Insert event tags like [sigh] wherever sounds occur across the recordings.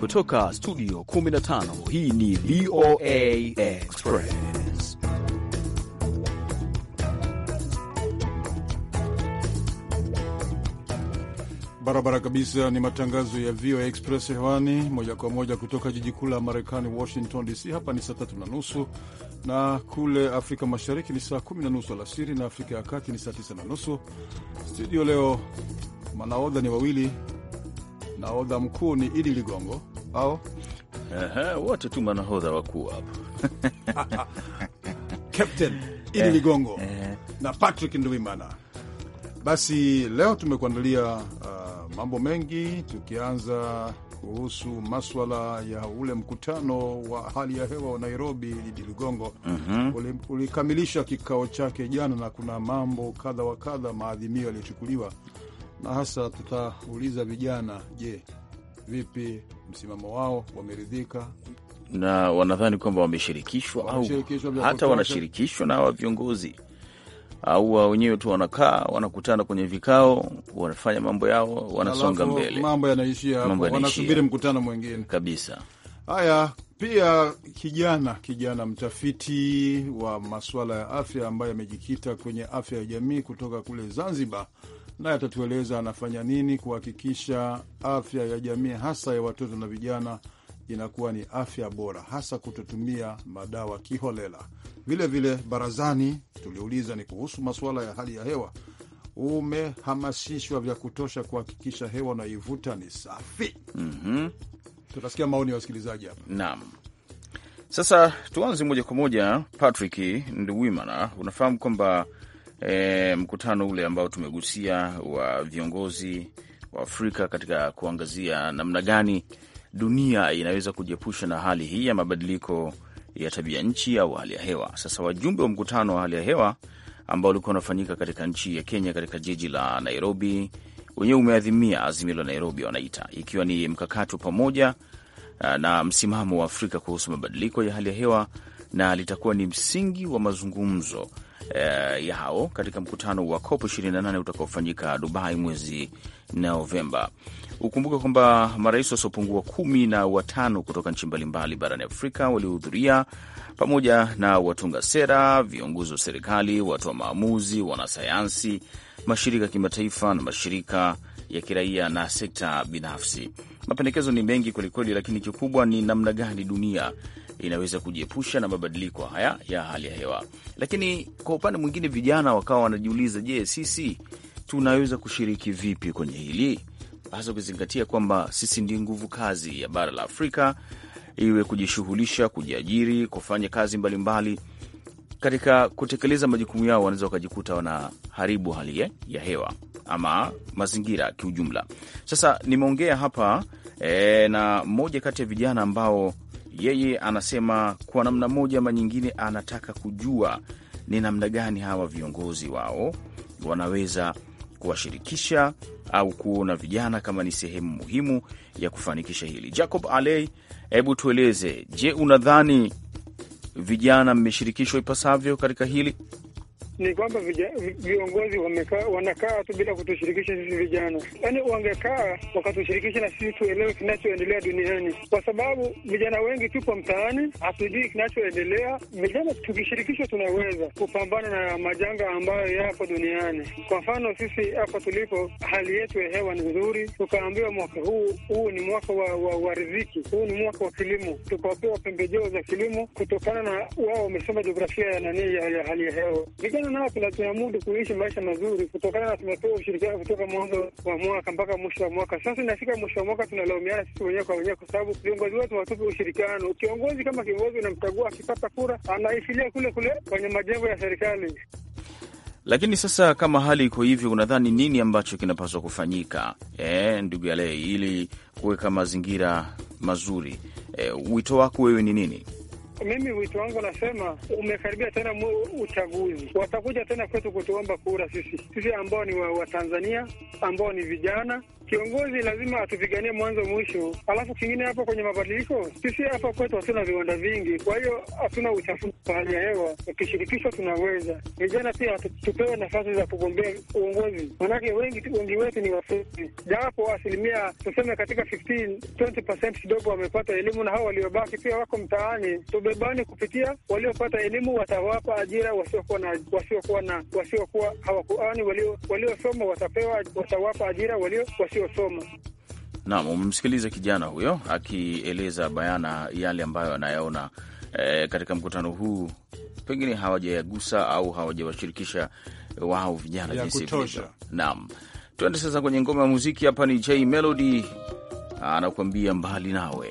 Kutoka studio 15 hii ni VOA Express. Barabara kabisa, ni matangazo ya VOA Express hewani moja kwa moja kutoka jiji kuu la Marekani, Washington DC. Hapa ni saa tatu na nusu na kule Afrika Mashariki ni saa kumi na nusu alasiri na Afrika ya Kati ni saa tisa na nusu. Studio leo manaodha ni wawili, naodha mkuu ni Idi Ligongo au wote tu manahodha wakuu hapa [laughs] Captain Idi eh, Ligongo eh. na Patrick Ndwimana. Basi leo tumekuandalia uh, mambo mengi, tukianza kuhusu maswala ya ule mkutano wa hali ya hewa wa Nairobi. Idi Ligongo, mm -hmm. ulikamilisha kikao chake jana na kuna mambo kadha wa kadha, maadhimio yaliyochukuliwa na hasa tutauliza vijana, je, vipi msimamo wao, wameridhika na wanadhani kwamba wameshirikishwa au hata wanashirikishwa na viongozi au wa wenyewe tu wanakaa wanakutana kwenye vikao, wanafanya mambo yao, wanasonga mbele, mambo yanaishia wanasubiri mkutano mwingine kabisa. Haya, pia kijana kijana mtafiti wa masuala ya afya ambaye amejikita kwenye afya ya jamii kutoka kule Zanzibar naye atatueleza anafanya nini kuhakikisha afya ya jamii hasa ya watoto na vijana inakuwa ni afya bora, hasa kutotumia madawa kiholela. Vilevile vile, barazani tuliuliza ni kuhusu masuala ya hali ya hewa. Umehamasishwa vya kutosha kuhakikisha hewa unaivuta ni safi? mm -hmm. Tutasikia maoni ya wasikilizaji hapa. Naam, sasa tuanze moja kwa moja. Patrick Nduwimana, unafahamu kwamba e, mkutano ule ambao tumegusia wa viongozi wa Afrika katika kuangazia namna gani dunia inaweza kujiepusha na hali hii ya mabadiliko ya tabia nchi au hali ya hewa. Sasa wajumbe wa mkutano wa hali ya hewa ambao ulikuwa unafanyika katika nchi ya Kenya katika jiji la Nairobi wenyewe umeadhimia azimio la Nairobi wanaita, ikiwa ni mkakati wa pamoja uh, na msimamo wa Afrika kuhusu mabadiliko ya hali ya hewa, na litakuwa ni msingi wa mazungumzo eh, yao katika mkutano wa COP 28 utakaofanyika Dubai mwezi Novemba. Ukumbuke kwamba marais wasiopungua kumi na watano kutoka nchi mbalimbali barani Afrika waliohudhuria pamoja na watunga sera, viongozi wa serikali, watoa maamuzi, wanasayansi, mashirika ya kimataifa na mashirika ya kiraia na sekta binafsi. Mapendekezo ni mengi kwelikweli, lakini kikubwa ni namna gani dunia inaweza kujiepusha na mabadiliko haya ya hali ya hewa. Lakini kwa upande mwingine, vijana wakawa wanajiuliza, je, sisi tunaweza kushiriki vipi kwenye hili, hasa ukizingatia kwamba sisi ndi nguvu kazi ya bara la Afrika, iwe kujishughulisha, kujiajiri, kufanya kazi mbalimbali mbali. Katika kutekeleza majukumu yao wanaweza wakajikuta wanaharibu hali ya hewa ama mazingira kiujumla. Sasa nimeongea hapa e, na mmoja kati ya vijana ambao yeye anasema kwa namna moja ama nyingine, anataka kujua ni namna gani hawa viongozi wao wanaweza kuwashirikisha au kuona vijana kama ni sehemu muhimu ya kufanikisha hili. Jacob alei hebu tueleze, je, unadhani vijana mmeshirikishwa ipasavyo katika hili? ni kwamba viongozi wanakaa tu bila kutushirikisha sisi vijana. Yaani wangekaa wakatushirikisha na sisi tuelewe kinachoendelea duniani, kwa sababu vijana wengi tupo mtaani, hatujui kinachoendelea. Vijana tukishirikishwa, tunaweza kupambana na majanga ambayo yapo duniani. Kwa mfano, sisi hapa tulipo, hali yetu ya hewa ni nzuri, tukaambiwa mwaka huu huu ni mwaka wa, wa, wa riziki, huu ni mwaka wa kilimo, tukapewa pembejeo za kilimo kutokana na wao wamesoma jiografia ya nani ya hali ya hewa vijana Tuungane nao, tunamudu kuishi maisha mazuri, kutokana na tunatoa ushirikiano kutoka mwanzo wa mwaka mpaka mwisho wa mwaka. Sasa inafika mwisho wa mwaka, tunalaumiana sisi wenyewe kwa wenyewe, kwa sababu viongozi wetu watupe ushirikiano. Kiongozi kama kiongozi unamchagua, akipata kura anaishilia kule kule kwenye majengo ya serikali. Lakini sasa kama hali iko hivyo, unadhani nini ambacho kinapaswa kufanyika, eh, ndugu Yalei, ili kuweka mazingira mazuri? E, wito wako wewe ni nini? Mimi wito wangu nasema, umekaribia tena uchaguzi, watakuja tena kwetu kutuomba kura sisi, sisi ambao ni Watanzania wa ambao ni vijana Kiongozi lazima atupiganie mwanzo mwisho. Alafu kingine hapo kwenye mabadiliko, sisi hapa kwetu hatuna viwanda vingi, kwa hiyo hatuna uchafuzi wa hali ya hewa. Ukishirikishwa tunaweza. Vijana pia tupewe nafasi za kugombea uongozi, manake wengi wengi wetu ni wafuzi, japo asilimia tuseme katika 15 20% kidogo wamepata elimu, na hao waliobaki pia wako mtaani. Tubebani kupitia waliopata elimu, watawapa ajira wasiokuwa na wasiokuwa na wasiokuwa hawakuani, waliosoma watapewa watawapa ajira walio wasio sio somo. Naam, umemsikiliza kijana huyo akieleza bayana yale ambayo anayaona e, katika mkutano huu, pengine hawajayagusa au hawajawashirikisha eh, wao vijana jinsi ilivyo. Naam, tuende sasa kwenye ngoma ya muziki. Hapa ni J Melody anakuambia mbali nawe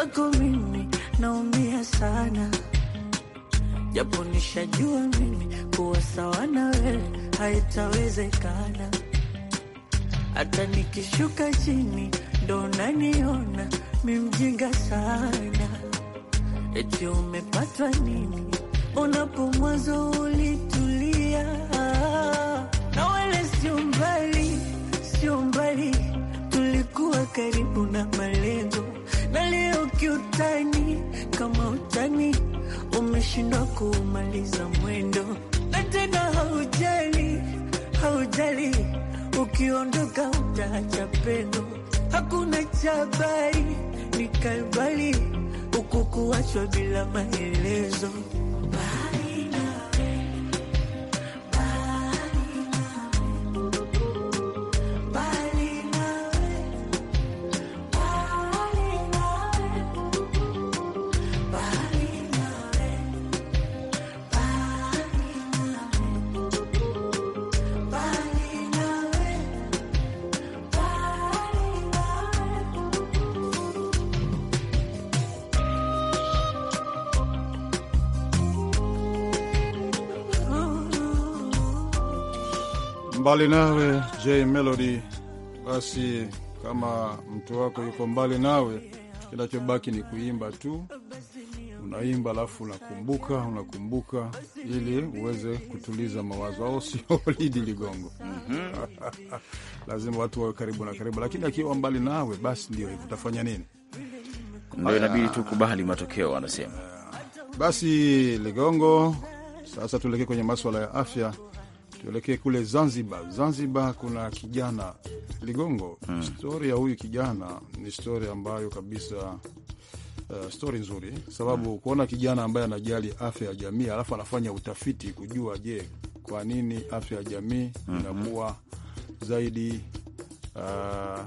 zako mimi naumia sana, japo nishajua mimi kuwa sawa na wewe haitawezekana. Hata nikishuka chini ndo naniona mi mjinga sana, eti umepatwa nini unapo mwanzo ulitulia? Na wala sio mbali, sio mbali, tulikuwa karibu na malengo na leo kiutani, kama utani umeshindwa kumaliza mwendo, na tena haujali, haujali ukiondoka utaacha pendo, hakuna chabari ni kaibali ukukuachwa bila maelezo mbali nawe, J Melody. Basi kama mtu wako yuko mbali nawe, kinachobaki ni kuimba tu. Unaimba alafu unakumbuka, unakumbuka ili uweze kutuliza mawazo, au sio? [laughs] Lidi Ligongo. mm -hmm. [laughs] Lazima watu wawe karibu na karibu, lakini akiwa mbali nawe, basi ndio hivyo, utafanya nini? Ndio inabidi kubali matokeo, anasema. Basi Ligongo, sasa tuelekee kwenye maswala ya afya. Tuelekee kule Zanzibar. Zanzibar kuna kijana Ligongo. Hmm. Stori ya huyu kijana ni stori ambayo kabisa Uh, stori nzuri sababu, hmm, kuona kijana ambaye anajali afya ya jamii alafu anafanya utafiti kujua, je, kwa nini afya ya jamii hmm, inakuwa zaidi uh,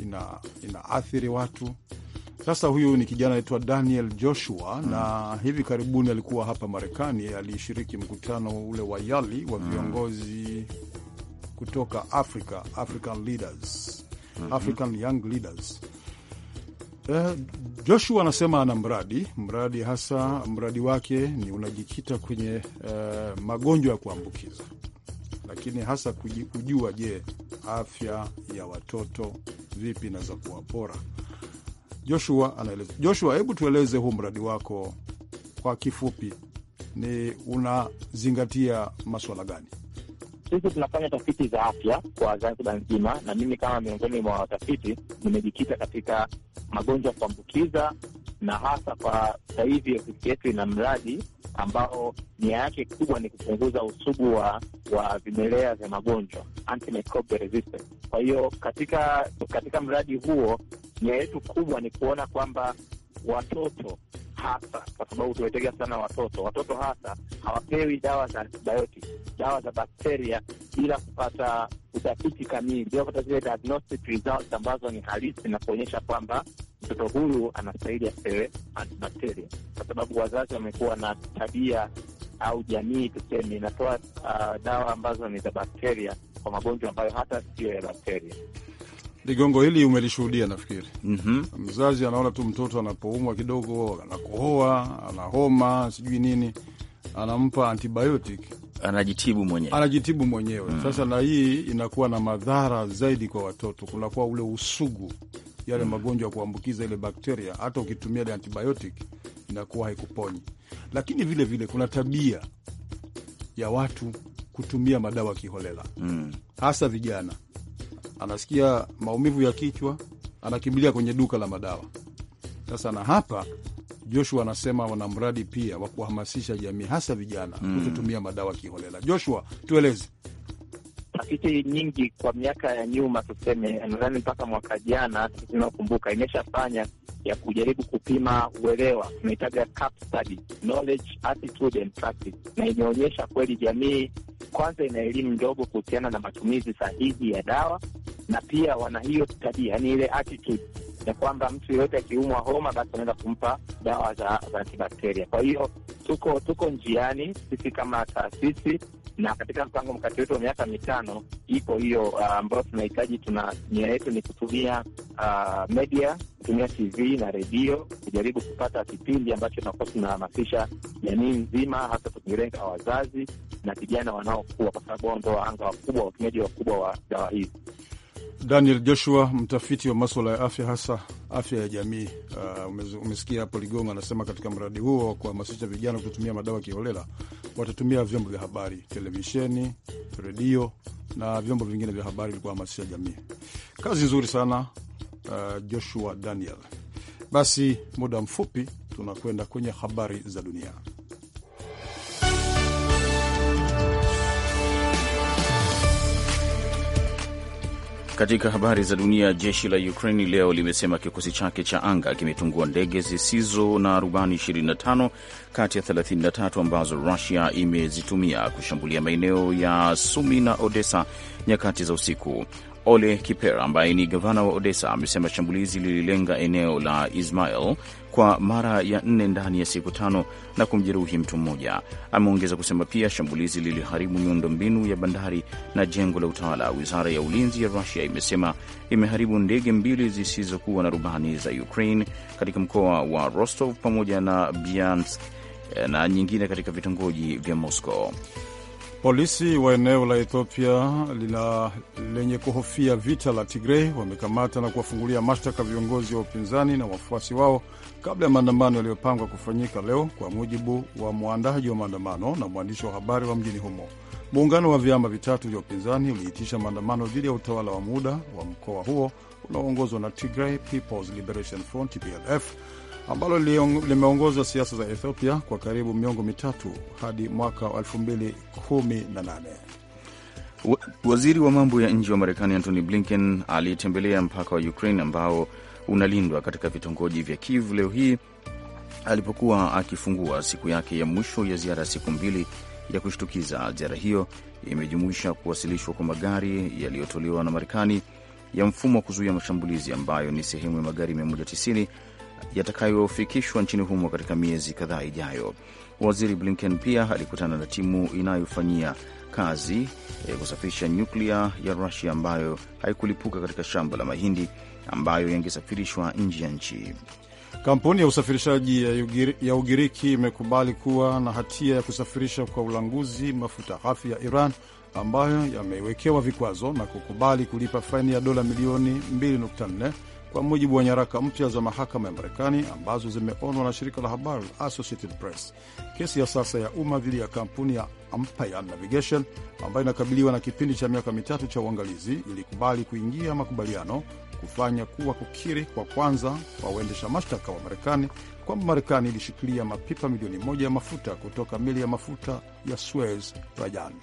ina, inaathiri watu sasa huyu ni kijana anaitwa Daniel Joshua mm. na hivi karibuni alikuwa hapa Marekani, alishiriki mkutano ule wa YALI wa mm. viongozi kutoka Africa, African Leaders mm -hmm. African Young Leaders. Eh, Joshua anasema ana mradi mradi hasa mradi wake ni unajikita kwenye uh, magonjwa ya kuambukiza, lakini hasa kujua, je, afya ya watoto vipi inaweza kuwapora Joshua anaeleza. Joshua, hebu tueleze huu mradi wako kwa kifupi, ni unazingatia maswala gani? Sisi tunafanya tafiti za afya kwa Zanzibar nzima, na mimi kama miongoni mwa watafiti nimejikita katika magonjwa ya kuambukiza na hasa kwa sahivi ofisi yetu ina mradi ambao nia yake kubwa ni kupunguza usugu wa wa vimelea vya magonjwa antimicrobial resistance. Kwa hiyo katika katika mradi huo nia yetu kubwa ni kuona kwamba watoto hasa, kwa sababu tumetegemea sana watoto, watoto hasa hawapewi dawa za antibiotic, dawa za bakteria bila kupata utafiti kamili, bila kupata zile diagnostic results ambazo ni halisi na kuonyesha kwamba mtoto huyu anastahili apewe antibakteria, kwa sababu wazazi wamekuwa na tabia au jamii tuseme, inatoa uh, dawa ambazo ni za bakteria kwa magonjwa ambayo hata siyo ya bakteria. Ligongo hili umelishuhudia nafikiri. mm -hmm. Mzazi anaona tu mtoto anapoumwa kidogo, anakohoa, ana homa, sijui nini, anampa antibiotic, anajitibu mwenyewe, anajitibu mwenyewe. mm -hmm. Sasa na hii inakuwa na madhara zaidi kwa watoto, kunakuwa ule usugu, yale mm -hmm. magonjwa ya kuambukiza ile bakteria, hata ukitumia ile antibiotic inakuwa haikuponyi. Lakini vile vile kuna tabia ya watu kutumia madawa kiholela, mm. hasa mm -hmm. vijana anasikia maumivu ya kichwa, anakimbilia kwenye duka la madawa. Sasa na hapa Joshua anasema wana mradi pia wa kuhamasisha jamii, hasa vijana mm, kutotumia madawa kiholela. Joshua, tueleze. Tafiti nyingi kwa miaka ya nyuma, tuseme, nadhani mpaka mwaka jana, tunakumbuka imeshafanya ya kujaribu kupima uelewa, tunahitaga CAP study, knowledge attitude and practice, na imeonyesha kweli jamii kwanza ina elimu ndogo kuhusiana na matumizi sahihi ya dawa, na pia wana hiyo tabia, yani ile attitude ya kwamba mtu yeyote akiumwa homa basi anaweza kumpa dawa za antibakteria. Kwa hiyo tuko tuko njiani sisi kama taasisi, na katika mpango mkati wetu wa miaka mitano ipo hiyo ah, ambayo uh, tunahitaji tuna nia yetu ni kutumia uh, media kutumia TV na redio kujaribu kupata kipindi ambacho tunakuwa tunahamasisha jamii nzima, hasa tukilenga wazazi na vijana wanaokuwa, kwa sababu wao ndo waanga wakubwa, watumiaji wakubwa wa dawa hizi. Daniel Joshua, mtafiti wa maswala ya afya, hasa afya ya jamii. Uh, umesikia hapo Ligongo anasema katika mradi huo wa kuhamasisha vijana kutumia madawa kiholela, watatumia vyombo vya habari, televisheni, redio na vyombo vingine vya habari ili kuhamasisha jamii. Kazi nzuri sana uh, Joshua Daniel. Basi muda mfupi tunakwenda kwenye habari za dunia. Katika habari za dunia, jeshi la Ukraini leo limesema kikosi chake cha anga kimetungua ndege zisizo na rubani 25 kati ya 33 ambazo Rusia imezitumia kushambulia maeneo ya Sumi na Odessa nyakati za usiku. Ole Kipera ambaye ni gavana wa Odessa amesema shambulizi lililenga eneo la Ismail kwa mara ya nne ndani ya siku tano na kumjeruhi mtu mmoja. Ameongeza kusema pia shambulizi liliharibu miundombinu ya bandari na jengo la utawala. Wizara ya ulinzi ya Rusia imesema imeharibu ndege mbili zisizokuwa na rubani za Ukraine katika mkoa wa Rostov pamoja na Biansk eh, na nyingine katika vitongoji vya Moscow. Polisi wa eneo la Ethiopia lina lenye kuhofia vita la Tigrei wamekamata na kuwafungulia mashtaka viongozi wa upinzani na wafuasi wao kabla ya maandamano yaliyopangwa kufanyika leo, kwa mujibu wa mwandaji wa maandamano na mwandishi wa habari wa mjini humo. Muungano wa vyama vitatu vya upinzani uliitisha maandamano dhidi ya utawala wa muda wa mkoa huo unaoongozwa na Tigray People's Liberation Front TPLF ambalo limeongoza siasa za Ethiopia kwa karibu miongo mitatu hadi mwaka wa 2018. Waziri wa mambo ya nje wa Marekani Antony Blinken alitembelea mpaka wa Ukraine ambao unalindwa katika vitongoji vya Kiev leo hii alipokuwa akifungua siku yake ya mwisho ya ziara ya siku mbili ya kushtukiza. Ziara hiyo imejumuisha kuwasilishwa kwa magari yaliyotolewa na Marekani ya mfumo wa kuzuia mashambulizi ambayo ni sehemu ya magari 190 yatakayofikishwa nchini humo katika miezi kadhaa ijayo. Waziri Blinken pia alikutana na timu inayofanyia kazi ya eh, kusafirisha nyuklia ya Rusia ambayo haikulipuka katika shamba la mahindi ambayo yangesafirishwa nje ya nchi. Kampuni ya usafirishaji ya, Ugiri, ya Ugiriki imekubali kuwa na hatia ya kusafirisha kwa ulanguzi mafuta ghafi ya Iran ambayo yamewekewa vikwazo na kukubali kulipa faini ya dola milioni 2.4 kwa mujibu wa nyaraka mpya za mahakama ya Marekani ambazo zimeonwa na shirika la habari la Associated Press. Kesi ya sasa ya umma dhidi ya kampuni ya Empire Navigation ambayo inakabiliwa na kipindi cha miaka mitatu cha uangalizi ilikubali kuingia makubaliano kufanya kuwa kukiri kwa kwanza kwa waendesha mashtaka wa Marekani kwamba Marekani ilishikilia mapipa milioni moja ya mafuta kutoka meli ya mafuta ya Suez Rajani.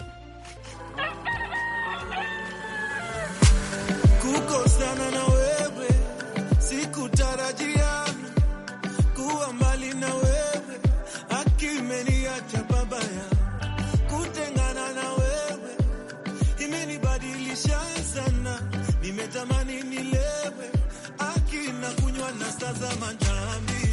njia chembamba kutengana na wewe imenibadilisha sana, nimetamani nilewe akina kunywa na staza manjambi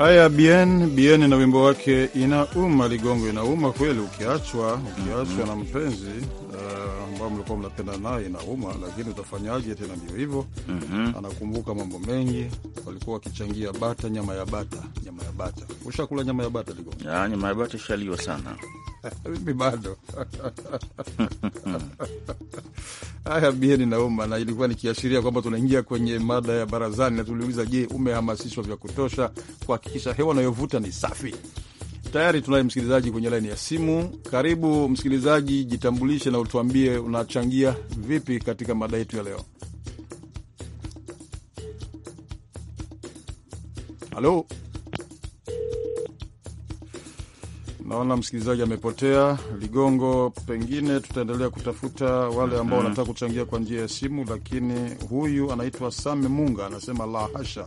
Haya, bien bien na wimbo wake inauma, ligongo inauma kweli. Ukiachwa ukiachwa mm -hmm. na mpenzi eh, ambao uh, mlikuwa mnapenda naye inauma, lakini utafanyaje tena? Ndio hivyo mm -hmm. anakumbuka mambo mengi, walikuwa wakichangia bata, nyama ya bata, nyama ya bata. Ushakula nyama ya bata ligongo? Ya, ah, nyama ya bata ishaliwa sana mimi [laughs] bado haya bieni nauma, na ilikuwa nikiashiria kwamba tunaingia kwenye mada ya barazani, na tuliuliza, je, umehamasishwa vya kutosha kuhakikisha hewa unayovuta ni safi? Tayari tunaye msikilizaji kwenye laini ya simu. Karibu msikilizaji, jitambulishe na utuambie unachangia vipi katika mada yetu ya leo. Halo. Naona msikilizaji amepotea Ligongo, pengine tutaendelea kutafuta wale ambao mhm. wanataka mm -hmm. kuchangia kwa njia ya simu, lakini huyu anaitwa Same Munga anasema la hasha.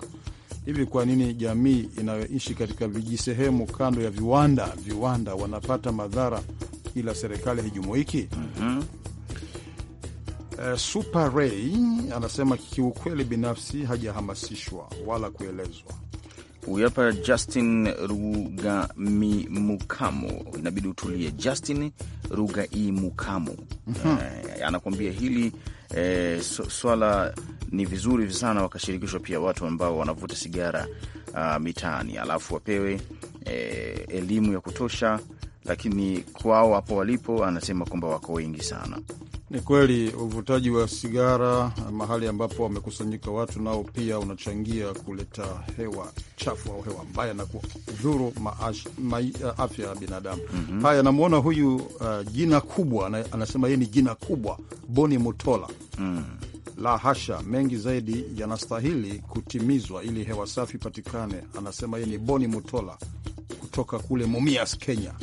Hivi kwa nini jamii inayoishi katika vijisehemu kando ya viwanda viwanda wanapata madhara ila serikali haijumuiki? mm -hmm. Uh, Super Ray anasema kiukweli, binafsi hajahamasishwa wala kuelezwa Huyu hapa Justin Rugamimukamo, inabidi utulie. Justin Rugaimukamo mm E, eh, anakuambia hili e, swala ni vizuri sana wakashirikishwa pia watu ambao wanavuta sigara uh, mitaani, alafu wapewe e, elimu ya kutosha, lakini kwao hapo walipo, anasema kwamba wako wengi sana. Ni kweli uvutaji wa sigara mahali ambapo wamekusanyika watu nao pia unachangia kuleta hewa chafu au hewa mbaya na kudhuru afya ya binadamu. mm -hmm. Haya, namwona huyu uh, jina kubwa na, anasema yeye ni jina kubwa Boni Mutola. mm. La hasha, mengi zaidi yanastahili kutimizwa ili hewa safi patikane. Anasema yeye ni Boni Mutola kutoka kule Mumias, Kenya.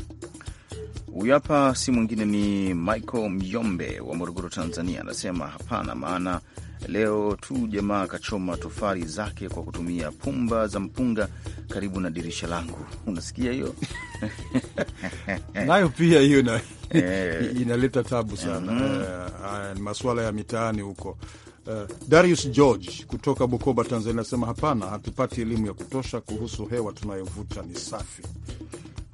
Huyu hapa si mwingine ni Michael Myombe wa Morogoro, Tanzania, anasema hapana, maana leo tu jamaa akachoma tofali zake kwa kutumia pumba za mpunga karibu na dirisha langu. Unasikia hiyo? [laughs] nayo pia hiyo na, eh. [laughs] inaleta tabu sana mm -hmm. Uh, masuala ya mitaani huko Uh, Darius George kutoka Bukoba, Tanzania anasema hapana, hatupati elimu ya kutosha kuhusu hewa tunayovuta ni safi.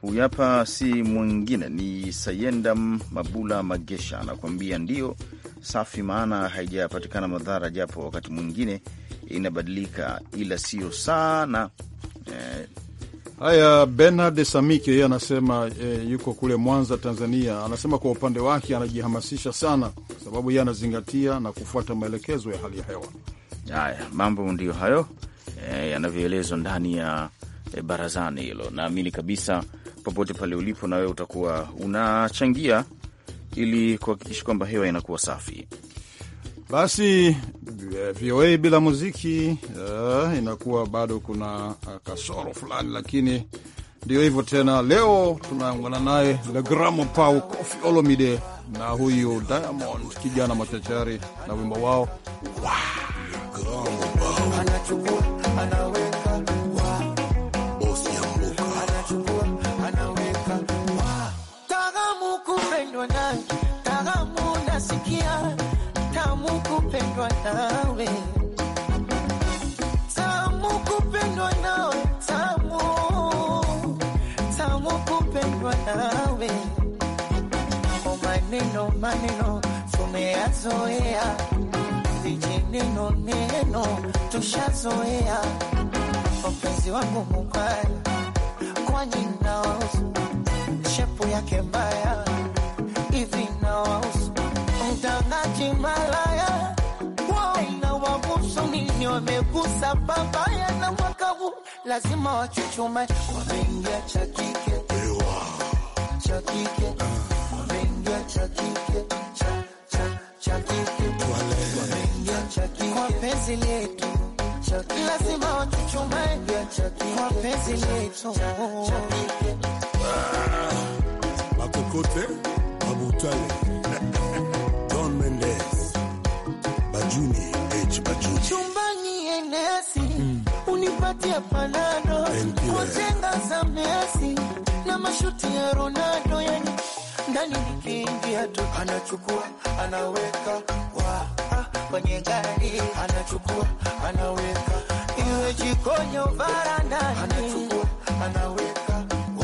Huyu hapa si mwingine ni Sayenda Mabula Magesha, anakuambia ndio safi, maana haijapatikana madhara, japo wakati mwingine inabadilika, ila sio sana eh. Haya, Bernard Samike yeye anasema eh, yuko kule Mwanza, Tanzania. Anasema kwa upande wake anajihamasisha sana, kwa sababu yeye anazingatia na kufuata maelekezo ya hali ya hewa. Haya, mambo ndiyo hayo eh, yanavyoelezwa ndani ya Eh, barazani hilo. Naamini kabisa popote pale ulipo, na wewe utakuwa unachangia ili kuhakikisha kwamba hewa inakuwa safi. Basi eh, VOA bila muziki uh, inakuwa bado kuna kasoro fulani, lakini ndio hivyo tena. Leo tunaungana naye Le Grand Pau Kofi Olomide na huyu Diamond kijana machachari na wimbo wao wow. kupendwa nawe, tamu kupendwa nawe, tamu tamu kupendwa nawe, kwa oh, maneno maneno tumeyazoea, vijineno neno tushazoea, mpenzi wangu mubaya, kwani naosu shepu yake mbaya hivi naosu mtangaji malaya Waswahili wamegusa babaya na mwaka lazima wachuchume, wameingia cha kike cha kike, wameingia cha kike cha kike, wameingia cha kike kwa penzi letu, ah. makokote mabutale [laughs] Don Mendes Bajuni chumbani enesi mm. unipatia panado wajenga eh. za Messi na mashuti ya Ronaldo, yani ndani nikiingia tu anachukua anaweka wa ah, kwenye gari anachukua anaweka iwe jikoni au barandani anachukua anaweka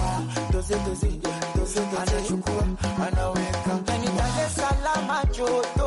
wa doze doze doze anachukua anaweka yani Dar es joto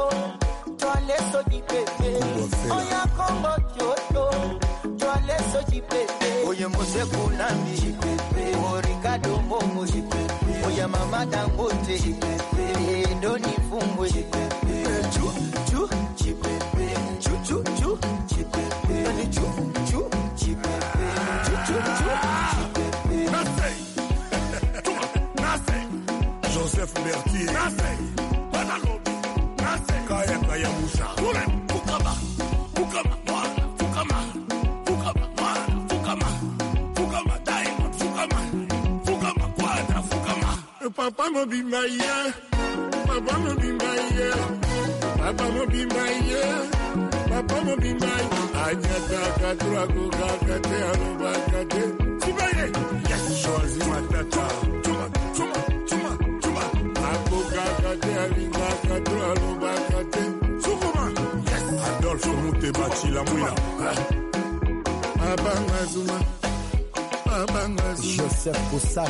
Joseph Berthier. Papa mo be my yeah. Papa mo be my yeah. Papa mo be my yeah. Papa mo be my. Anya ta katura ko kakate aruba kate. Sibaye. Yes, shozi matata. Tuma, tuma, tuma, tuma. Ako kakate aringa katura aruba kate. Sukuma. Yes. Adolfo Mutebati la mwina. Abanga zuma. Joseph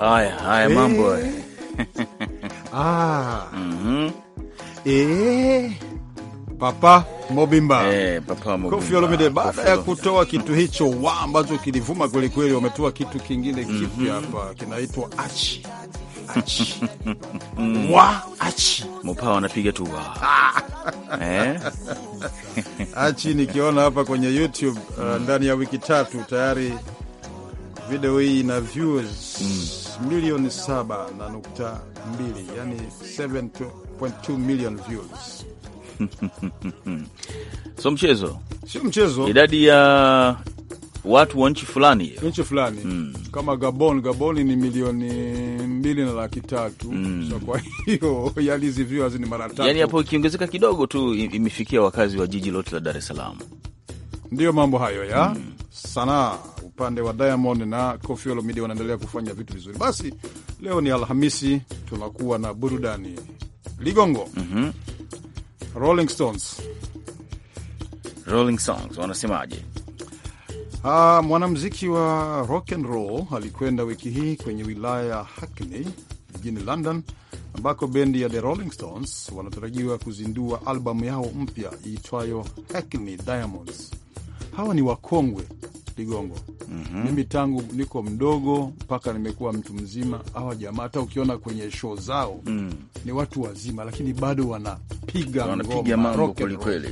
Haya, haya mambo. Eh. [laughs] Ah. Mhm. Eh. Papa Mobimba. Eh, Papa Mobimba. Kofi Olomide baada ya kutoa kitu hicho wa ambacho kilivuma kwelikweli wametoa kitu kingine kipya mhm. hapa kinaitwa Achi mwa achi Mopao mm. anapiga tu wa eh? achi nikiona hapa kwenye YouTube uh, mm. ndani ya wiki tatu tayari video hii ina views mm. milioni saba na nukta mbili yani 7.2 million views. [laughs] So mchezo sio mchezo, idadi ya watu wa nchi fulani nchi fulani mm. kama Gabon. Gaboni ni milioni mbili na laki tatu mm. so kwa hiyo hizi [laughs] yaliziviwa yaani ni mara tatu, yani hapo ikiongezeka kidogo tu imefikia wakazi wa jiji lote la Dar es Salaam. Ndiyo mambo hayo ya mm. sanaa upande wa Diamond na Koffi Olomide wanaendelea kufanya vitu vizuri. Basi leo ni Alhamisi, tunakuwa na burudani ligongo. mm -hmm. Rolling Stones, Rolling Songs wanasemaje? Uh, mwanamuziki wa rock and roll alikwenda wiki hii kwenye wilaya ya Hackney jijini London ambako bendi ya The Rolling Stones wanatarajiwa kuzindua albamu yao mpya iitwayo Hackney Diamonds. Hawa ni wakongwe Ligongo. mm -hmm. Mimi tangu niko mdogo mpaka nimekuwa mtu mzima, hawa jamaa hata ukiona kwenye show zao mm. ni watu wazima, lakini bado wanapiga wanapiga mambo kweli kweli.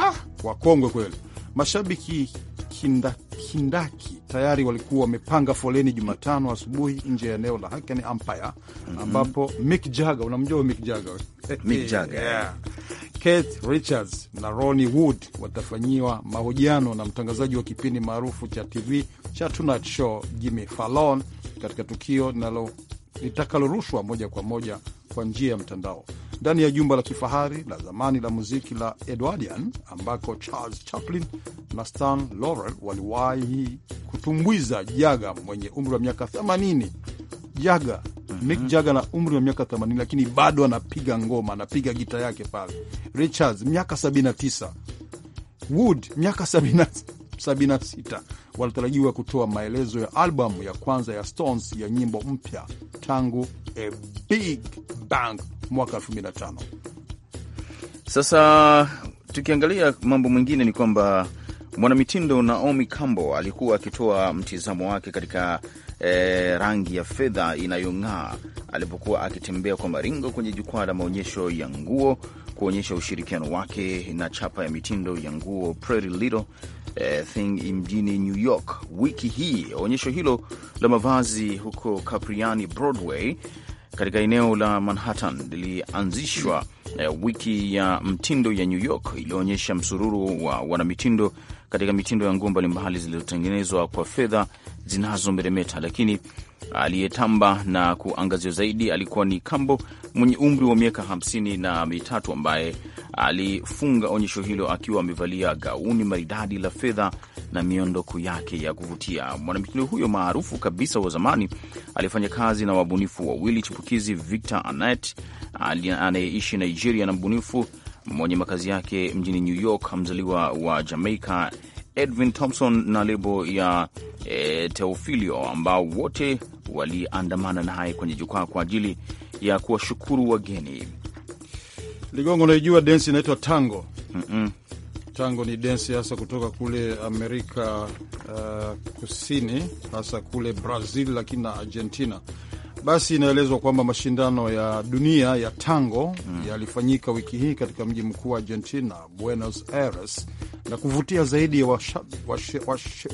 Ah, wakongwe kweli. Mashabiki kindakindaki tayari walikuwa wamepanga foleni Jumatano asubuhi nje ya eneo la Hackney Empire mm -hmm. ambapo Mick Jagger, unamjua Mick Jagger? Eh, Mick Jagger. Yeah. Richards na Ronnie Wood watafanyiwa mahojiano na mtangazaji wa kipindi maarufu cha TV cha Tonight Show Jimmy Fallon katika tukio litakalorushwa moja kwa moja kwa njia ya mtandao ndani ya jumba la kifahari la zamani la muziki la Edwardian ambako Charles Chaplin na Stan Laurel waliwahi kutumbwiza Jaga mwenye umri wa miaka 80. Jaga mhm. Mick Jaga na umri wa miaka 80, lakini bado anapiga ngoma, anapiga gita yake pale. Richards miaka 79, Wood miaka 76 wanatarajiwa kutoa maelezo ya albamu ya kwanza ya Stones ya nyimbo mpya tangu A Big Bang mwaka 2005. Sasa tukiangalia mambo mwingine ni kwamba mwanamitindo Naomi Campbell alikuwa akitoa mtizamo wake katika e, rangi ya fedha inayong'aa alipokuwa akitembea kwa maringo kwenye jukwaa la maonyesho ya nguo kuonyesha ushirikiano wake na chapa ya mitindo ya nguo Pretty Little e, Thing mjini New York wiki hii. Onyesho hilo la mavazi huko Capriani Broadway katika eneo la Manhattan lilianzishwa eh, wiki ya mtindo ya New York iliyoonyesha msururu wa wanamitindo katika mitindo ya nguo mbalimbali zilizotengenezwa kwa fedha zinazomeremeta, lakini aliyetamba na kuangaziwa zaidi alikuwa ni Kambo mwenye umri wa miaka hamsini na mitatu ambaye alifunga onyesho hilo akiwa amevalia gauni maridadi la fedha na miondoko yake ya kuvutia. Mwanamitindo huyo maarufu kabisa wa zamani alifanya kazi na wabunifu wawili chipukizi, Victor Anet anayeishi Nigeria na mbunifu mwenye makazi yake mjini New York, mzaliwa wa Jamaica Edwin Thompson na lebo ya e, Teofilio ambao wote waliandamana naye kwenye jukwaa kwa ajili ya kuwashukuru wageni. Ligongo, unaijua densi inaitwa tango? mm -mm. Tango ni densi hasa kutoka kule Amerika uh, Kusini, hasa kule Brazil lakini na Argentina. Basi inaelezwa kwamba mashindano ya dunia ya tango mm. yalifanyika wiki hii katika mji mkuu wa Argentina, Buenos Aires, na kuvutia zaidi ya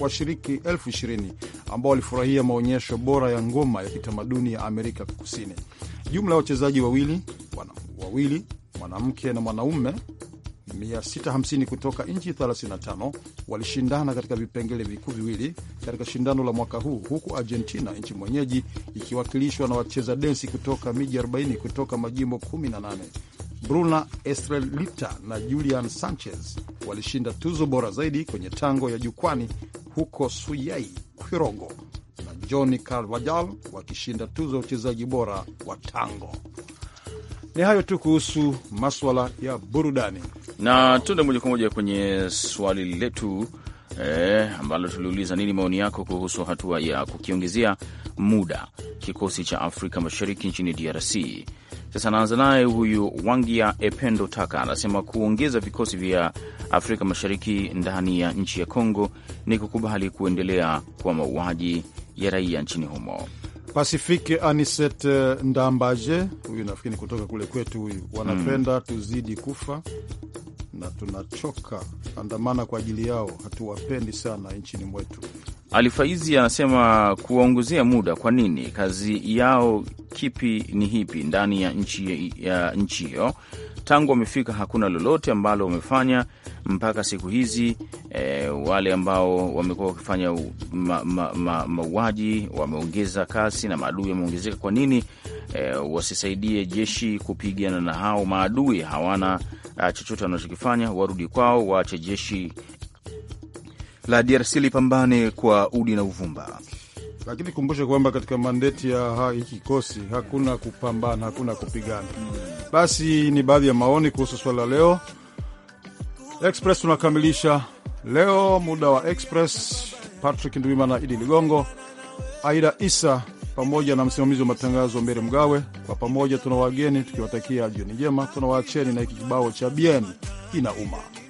washiriki elfu ishirini ambao walifurahia maonyesho bora ya ngoma ya kitamaduni ya Amerika Kusini. Jumla ya wachezaji wawili wana, wawili mwanamke na mwanaume 650 kutoka nchi 35 walishindana katika vipengele vikuu viwili katika shindano la mwaka huu, huku Argentina, nchi mwenyeji, ikiwakilishwa na wacheza densi kutoka miji 40 kutoka majimbo 18. Bruna Estrelita na Julian Sanchez walishinda tuzo bora zaidi kwenye tango ya jukwani huko Suyai, quirogo na Johnny Carvajal wakishinda tuzo ya uchezaji bora wa tango. Ni hayo tu kuhusu maswala ya burudani, na tuende moja kwa moja kwenye swali letu eh, ambalo tuliuliza nini maoni yako kuhusu hatua ya kukiongezea muda kikosi cha Afrika Mashariki nchini DRC. Sasa naanza naye huyu Wangia Ependo Taka anasema kuongeza vikosi vya Afrika Mashariki ndani ya nchi ya Kongo ni kukubali kuendelea kwa mauaji ya raia nchini humo. Pacific Aniset eh, Ndambaje, huyu nafikiri kutoka kule kwetu, huyu wanapenda hmm, tuzidi kufa na tunachoka andamana kwa ajili yao, hatuwapendi sana nchini mwetu. Alifaizi anasema kuwaongezea muda kwa nini? Kazi yao kipi ni hipi ndani ya nchi ya nchi hiyo tangu wamefika hakuna lolote ambalo wamefanya mpaka siku hizi. E, wale ambao wamekuwa wakifanya mauaji ma, ma, wameongeza kasi na maadui yameongezeka. Kwa nini e, wasisaidie jeshi kupigana na hao maadui? Hawana ah, chochote wanachokifanya, warudi kwao, waache jeshi la DRC lipambane kwa udi na uvumba lakini kumbushe kwamba katika mandeti ya hii kikosi hakuna kupambana, hakuna kupigana. Basi ni baadhi ya maoni kuhusu swala leo. Express tunakamilisha leo muda wa Express. Patrick Ndwimana, Idi Ligongo, Aida Isa pamoja na msimamizi wa matangazo Mbere Mgawe, kwa pamoja tuna wageni tukiwatakia jioni njema. Tunawaacheni na hiki kibao cha Bien ina uma